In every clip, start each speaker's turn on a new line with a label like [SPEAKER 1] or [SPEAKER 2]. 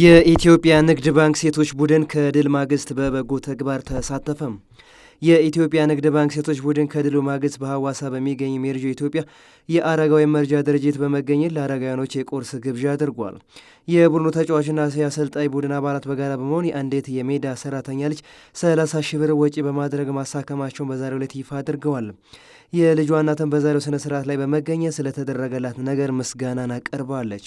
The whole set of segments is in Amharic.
[SPEAKER 1] የኢትዮጵያ ንግድ ባንክ ሴቶች ቡድን ከድል ማግስት በበጎ ተግባር ተሳተፈም። የኢትዮጵያ ንግድ ባንክ ሴቶች ቡድን ከድሉ ማግስት በሐዋሳ በሚገኝ ሜርጆ ኢትዮጵያ የአረጋዊ መርጃ ድርጅት በመገኘት ለአረጋውያኖች የቁርስ ግብዣ አድርጓል። የቡድኑ ተጫዋችና የአሰልጣኝ ቡድን አባላት በጋራ በመሆን የአንዲት የሜዳ ሰራተኛ ልጅ 30 ሺህ ብር ወጪ በማድረግ ማሳከማቸውን በዛሬው ዕለት ይፋ አድርገዋል። የልጇ እናትን በዛሬው ስነ ስርዓት ላይ በመገኘት ስለተደረገላት ነገር ምስጋናን አቀርባለች።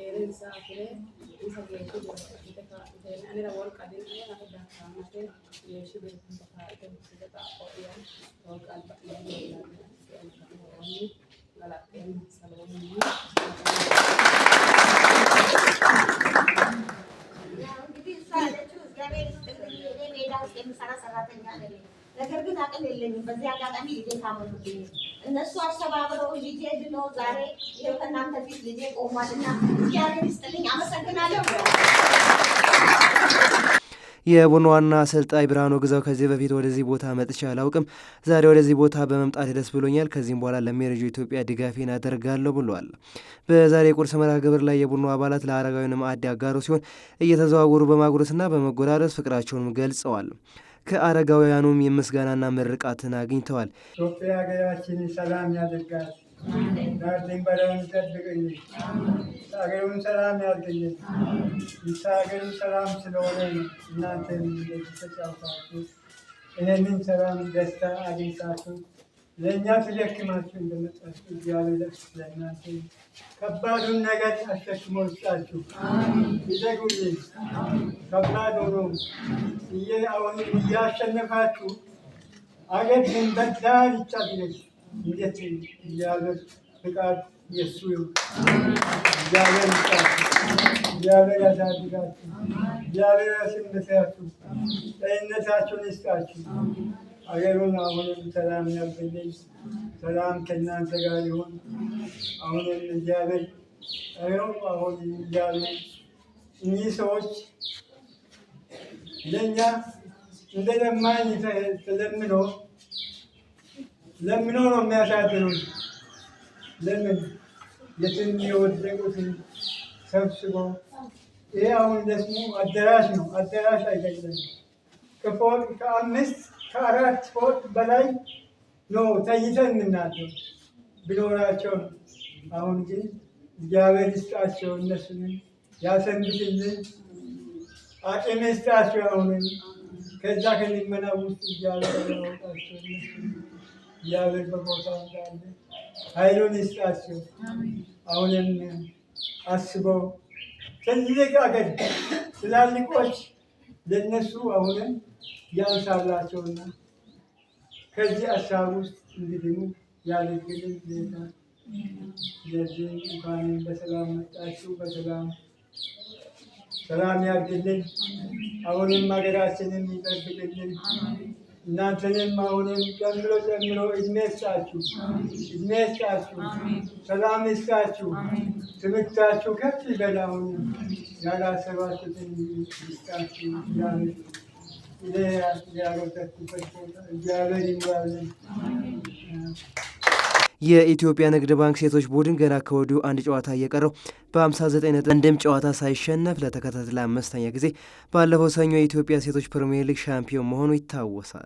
[SPEAKER 1] Jadi saya lihat juga dari ini medan yang sangat-sangat tinggi. ነገር ግን አቅም የለኝም። በዚህ አጋጣሚ ልጄ ታመኑብኝ እነሱ አስተባብረው ልጄ ድኖ ዛሬ ይኸው ከእናንተ ፊት ልጄ ቆሟል ቆሟልና እግዚአብሔር ይስጥልኝ። አመሰግናለሁ። የቡና ዋና አሰልጣኝ ብርሃኑ ግዛው ከዚህ በፊት ወደዚህ ቦታ መጥቼ አላውቅም። ዛሬ ወደዚህ ቦታ በመምጣት ደስ ብሎኛል። ከዚህም በኋላ ለሚረጁ ኢትዮጵያ ድጋፌን አደርጋለሁ ብለዋል። በዛሬ የቁርስ መርሃ ግብር ላይ የቡና አባላት ለአረጋዊን ማዕድ አጋሩ ሲሆን እየተዘዋወሩ በማጉረስና በመጎራረስ ፍቅራቸውንም ገልጸዋል። ከአረጋውያኑም የምስጋናና ምርቃትን አግኝተዋል።
[SPEAKER 2] ኢትዮጵያ ሀገራችን ሰላም ያደርጋል ድንበረውን ጠብቅኝ፣ ሀገሩን ሰላም ያድርግልን። ሀገሩ ሰላም ስለሆነ እናንተ ተጫውታችሁ ይህንን ሰላም ደስታ አግኝታችሁ ለእኛ ተሸክማችሁ እንደመጣችሁ እግዚአብሔር ለእናንተ ከባዱን ነገር አሸክሞ ውስጣችሁ ይዘጉልኝ። ከባድ ሆኖ አሁን እያሸነፋችሁ አገር ድንበር ዳርቻ ድረስ እንዴት እግዚአብሔር ፍቃድ የእሱ ይሁን። እግዚአብሔር ይስጣችሁ። እግዚአብሔር ያሳድጋችሁ። እግዚአብሔር ያስነሳችሁ። ጤንነታችሁን ይስጣችሁ። አገሩን አሁንም ሰላም ያብልኝ። ሰላም ከእናንተ ጋር ይሁን። አሁንም እግዚአብሔር ይኸው አሁን እያሉ እኚህ ሰዎች ለእኛ እንደ ለማኝ ተለምኖ ለምኖ ነው የሚያሳድሩን። ለምን የትም የወደቁትን ሰብስቦ ይሄ አሁን ደግሞ አዳራሽ ነው። አዳራሽ አይገለም ከፎቅ ከአምስት ከአራት ፎቅ በላይ ነው ተይዘን የምናድረው ብኖራቸው ነው። አሁን ግን እግዚአብሔር ይስጣቸው እነሱንም ያሰንብትልን አቅም ይስጣቸው። አሁንም ከዛ ከልመና ውስጥ እግዚአብሔር ያወጣቸው እግዚአብሔር በቦታ እንዳለ ኃይሉን ይስጣቸው። አሁንም አስበው ትልቅ አገር ትላልቆች ለእነሱ አሁንም ያንሳላቸውና ከዚህ አሳብ ውስጥ እንዲድኑ ያደርግልን ጌታ። ስለዚህ እንኳን በሰላም መጣችሁ፣ በሰላም ሰላም ያድልን አሁንም ሀገራችንን ይጠብቅልን። እናንተንም አሁንም ጨምሮ ጨምሮ እድሜ ይስጣችሁ፣ እድሜ ይስጣችሁ፣ ሰላም ይስጣችሁ። ትምህርታችሁ ከፍ ይበላውን ያላሰባችሁትን ይስጣችሁ።
[SPEAKER 1] የኢትዮጵያ ንግድ ባንክ ሴቶች ቡድን ገና ከወዲሁ አንድ ጨዋታ እየቀረው በ59 ነጥብ አንድም ጨዋታ ሳይሸነፍ ለተከታታይ ለአምስተኛ ጊዜ ባለፈው ሰኞ የኢትዮጵያ ሴቶች ፕሪምየር ሊግ ሻምፒዮን መሆኑ ይታወሳል።